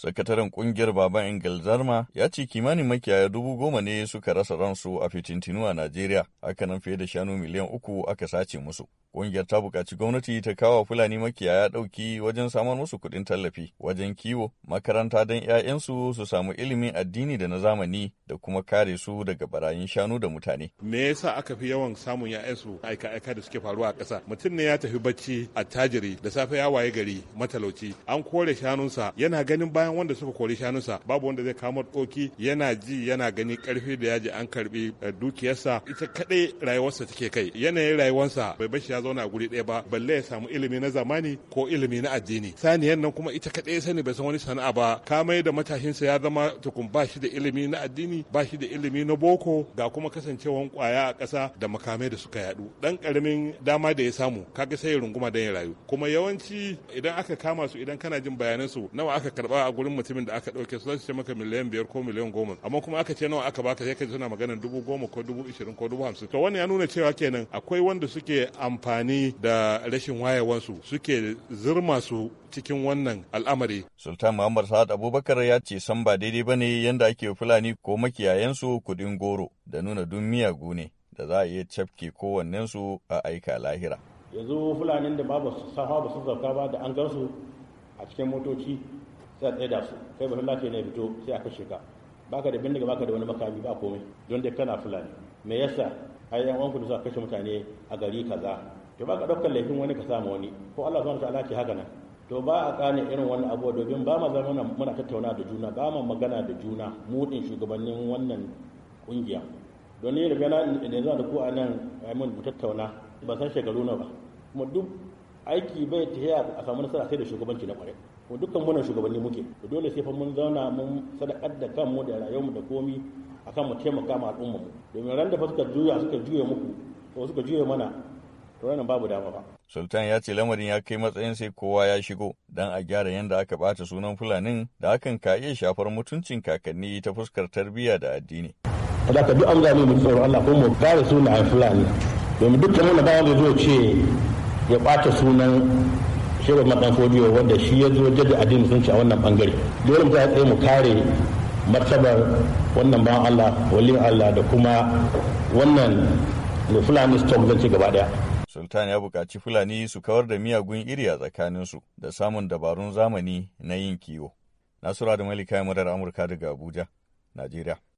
Sakataren kungiyar Baban Engel Zarma ya ce kimanin makiyaya dubu goma ne suka rasa ransu a fitintinu a Najeriya, nan fiye da shanu miliyan uku aka sace musu. Kungiyar ta bukaci gwamnati ta kawo Fulani makiyaya ɗauki wajen samar musu kuɗin tallafi, wajen kiwo, makaranta don 'ya'yansu su samu ilimin addini da na zamani da kuma kare su daga barayin shanu da mutane. Me yasa aka fi yawan samun 'ya'yansu aika-aika da suke faruwa a ƙasa? Mutum ne ya tafi bacci attajiri da safe ya waye gari matalauci an kore shanunsa yana ganin bayan bayan wanda suka kori shanunsa babu wanda zai kama doki yana ji yana gani karfi da yaji an karbi eh, dukiyarsa ita kadai rayuwarsa take kai yanayin rayuwarsa bai bashi ya zauna a guri ɗaya ba balle ya samu ilimi na zamani ko ilimi na addini saniyar nan kuma ita kadai sani bai san wani sana'a ba ka mai da matashinsa ya zama tukun ba shi da ilimi na addini ba shi da ilimi na boko ga kuma kasancewan kwaya a kasa da makamai da suka yadu dan karamin dama da ya samu kaga sai ya runguma dan ya rayu kuma yawanci idan aka kama su idan kana jin bayanan su nawa aka karba a gurin mutumin da aka ɗauke su zai ce maka miliyan biyar ko miliyan goma amma kuma aka ce nawa aka baka sai ka suna magana dubu goma ko dubu ishirin ko dubu hamsin to wannan ya nuna cewa kenan akwai wanda suke amfani da rashin wayewansu suke zirma su cikin wannan al'amari. Sultan Muhammad Sa'ad Abubakar ya ce san ba daidai ba ne yadda ake Fulani ko makiyayensu kuɗin goro da nuna dun miyagu ne da za a iya cafke kowannensu a aika lahira. Yanzu Fulanin da ba su safa ba su zauka ba da an gansu a cikin motoci sai a tsaye da su kai ba lafiya ne fito sai a kashe ka baka da bindiga baka da wani makami ba komai don dai kana fulani me yasa ai yan uwanku da suka kashe mutane a gari kaza to baka daukar laifin wani ka samu wani ko Allah subhanahu ta'ala ke haka nan to ba a kane irin wannan abu domin ba ma zama muna tattauna da juna ba ma magana da juna mu din shugabannin wannan kungiya don ni riga na da da ku a nan ai mun tattauna ba san shekaru na ba kuma duk aiki bai tafiya a samu nasara sai da shugabanci na kwarai ko dukkan wannan shugabanni muke to dole sai fa mun zauna mun sadakar da kanmu da rayuwarmu da komi akan mu taimaka ma al'umma mu domin ran da fa suka juya suka juya muku ko suka juya mana to ranar babu dama ba Sultan ya ce lamarin ya kai matsayin sai kowa ya shigo don a gyara yadda aka ɓata sunan Fulanin da hakan ka iya shafar mutuncin kakanni ta fuskar tarbiyya da addini. Da ka duk an zame mu tsoron Allah ko mu gare sunan Fulani domin dukkan wannan bayan da zo ce ya bata sunan shehu madan Fodiyo wanda shi ya zo jaddi addinin musulunci a wannan bangare dole mu tsaya mu kare martabar wannan ban Allah walin Allah da kuma wannan Fulani stock zan ci gaba daya Sultan ya buƙaci Fulani su kawar da miyagun iri a tsakaninsu da samun dabarun zamani na yin kiwo. Nasura da Malika Murar Amurka daga Abuja, Najeriya.